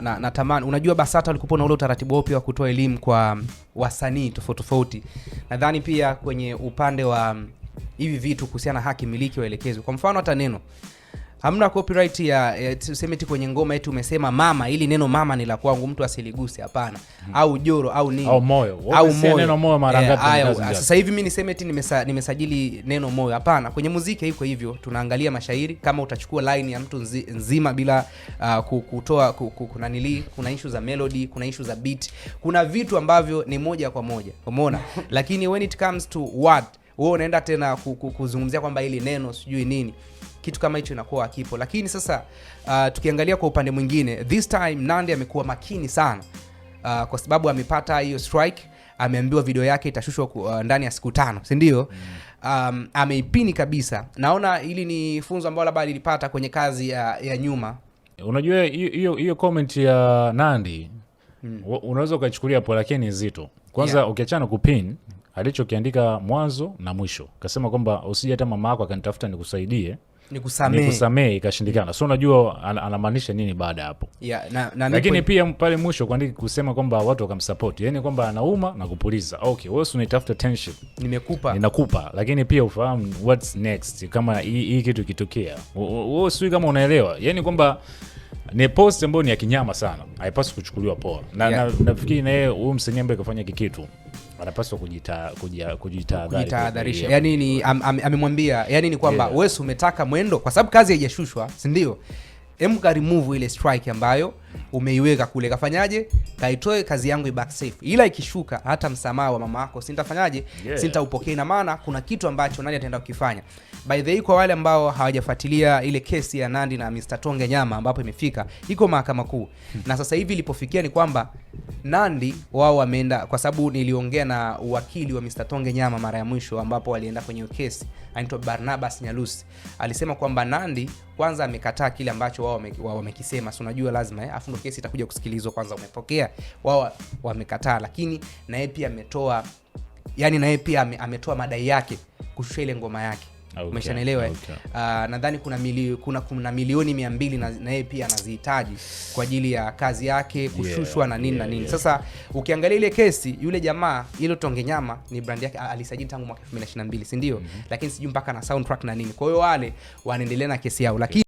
na, na tamani unajua, BASATA walikupo na ule utaratibu wao wa kutoa elimu kwa wasanii tofauti tofauti. Nadhani pia kwenye upande wa mm, hivi vitu kuhusiana na haki miliki waelekezwe, kwa mfano hata neno hamna copyright ya, tuseme ti kwenye ngoma yetu umesema mama, ili neno mama ni la kwangu, mtu asiliguse, hapana. hmm. au joro au nini au moyo au moyo, neno moyo mara eh, ngapi? Eh, sasa hivi mimi niseme ti nimesa, nimesajili neno moyo? Hapana, kwenye muziki haiko hivyo. Tunaangalia mashairi, kama utachukua line ya mtu nzi, nzima bila uh, kutoa kunanili kuna issue za melody, kuna issue za beat, kuna vitu ambavyo ni moja kwa moja, umeona lakini when it comes to word wewe unaenda tena kuzungumzia kwamba hili neno sijui nini kitu kama hicho inakuwa hakipo. Lakini sasa uh, tukiangalia kwa upande mwingine, this time Nandi amekuwa makini sana uh, kwa sababu amepata hiyo strike, ameambiwa video yake itashushwa uh, ndani ya siku tano, si ndio? mm. Um, ameipini kabisa. Naona hili ni funzo ambalo labda lilipata kwenye kazi ya, ya nyuma. Unajua hiyo hiyo comment ya Nandi mm. unaweza ukaichukulia poa, lakini nzito kwanza, yeah. ukiachana kupin alichokiandika mwanzo na mwisho, kasema kwamba usije hata mama yako akanitafuta nikusaidie nikusamee nikusamee, ikashindikana. So unajua anamaanisha nini baada hapo yeah, lakini pia pale mwisho kuandiki kusema kwamba watu wakamsapoti yani kwamba anauma na kupuliza. Okay, wes unaitafuta tenship nimekupa ninakupa, lakini pia ufahamu what's next kama hii kitu ikitokea. we sio kama unaelewa, yani kwamba ni post ambayo ni ya kinyama sana, haipaswi kuchukuliwa poa na yeah. Nafikiri na yeye huyu msanii ambaye kafanya kikitu anapaswa kujitahadharisha. Yani ni am, am, amemwambia yani ni kwamba yeah. wesi umetaka mwendo kwa sababu kazi haijashushwa, sindio hemu karimuvu ile strike ambayo umeiweka kule, kafanyaje? Kaitoe kazi yangu safe, ila ikishuka hata msamaha wa mama ako sintafanyaje? yeah. sintaupokee maana kuna kitu ambacho nani ataenda kukifanya. By the way, kwa wale ambao hawajafuatilia ile kesi ya Nandi na mtonge Nyama ambapo imefika, iko mahakama kuu hmm. na sasa hivi ilipofikia ni kwamba Nandi wao wameenda, kwa sababu niliongea na uwakili wa Mr. Tonge Nyama mara ya mwisho ambapo walienda kwenye kesi, anaitwa Barnabas Nyalusi, alisema kwamba Nandi kwanza amekataa kile ambacho wao wamekisema, si unajua lazima eh, afundo ndo kesi itakuja kusikilizwa, kwanza umepokea, wao wamekataa, lakini naye pia ametoa yani, naye pia ametoa madai yake kushusha ile ngoma yake okay. Umeshanielewa eh? okay. Uh, nadhani kuna, mili, kuna, kuna milioni mia mbili na yeye pia anazihitaji kwa ajili ya kazi yake kushushwa yeah, na nini yeah, na nini yeah. Sasa ukiangalia ile kesi yule jamaa ile tonge nyama ni brand yake alisajili tangu mwaka 22 sindio mm -hmm. Lakini sijui mpaka na soundtrack na nini, kwa hiyo wale wanaendelea na kesi yao lakini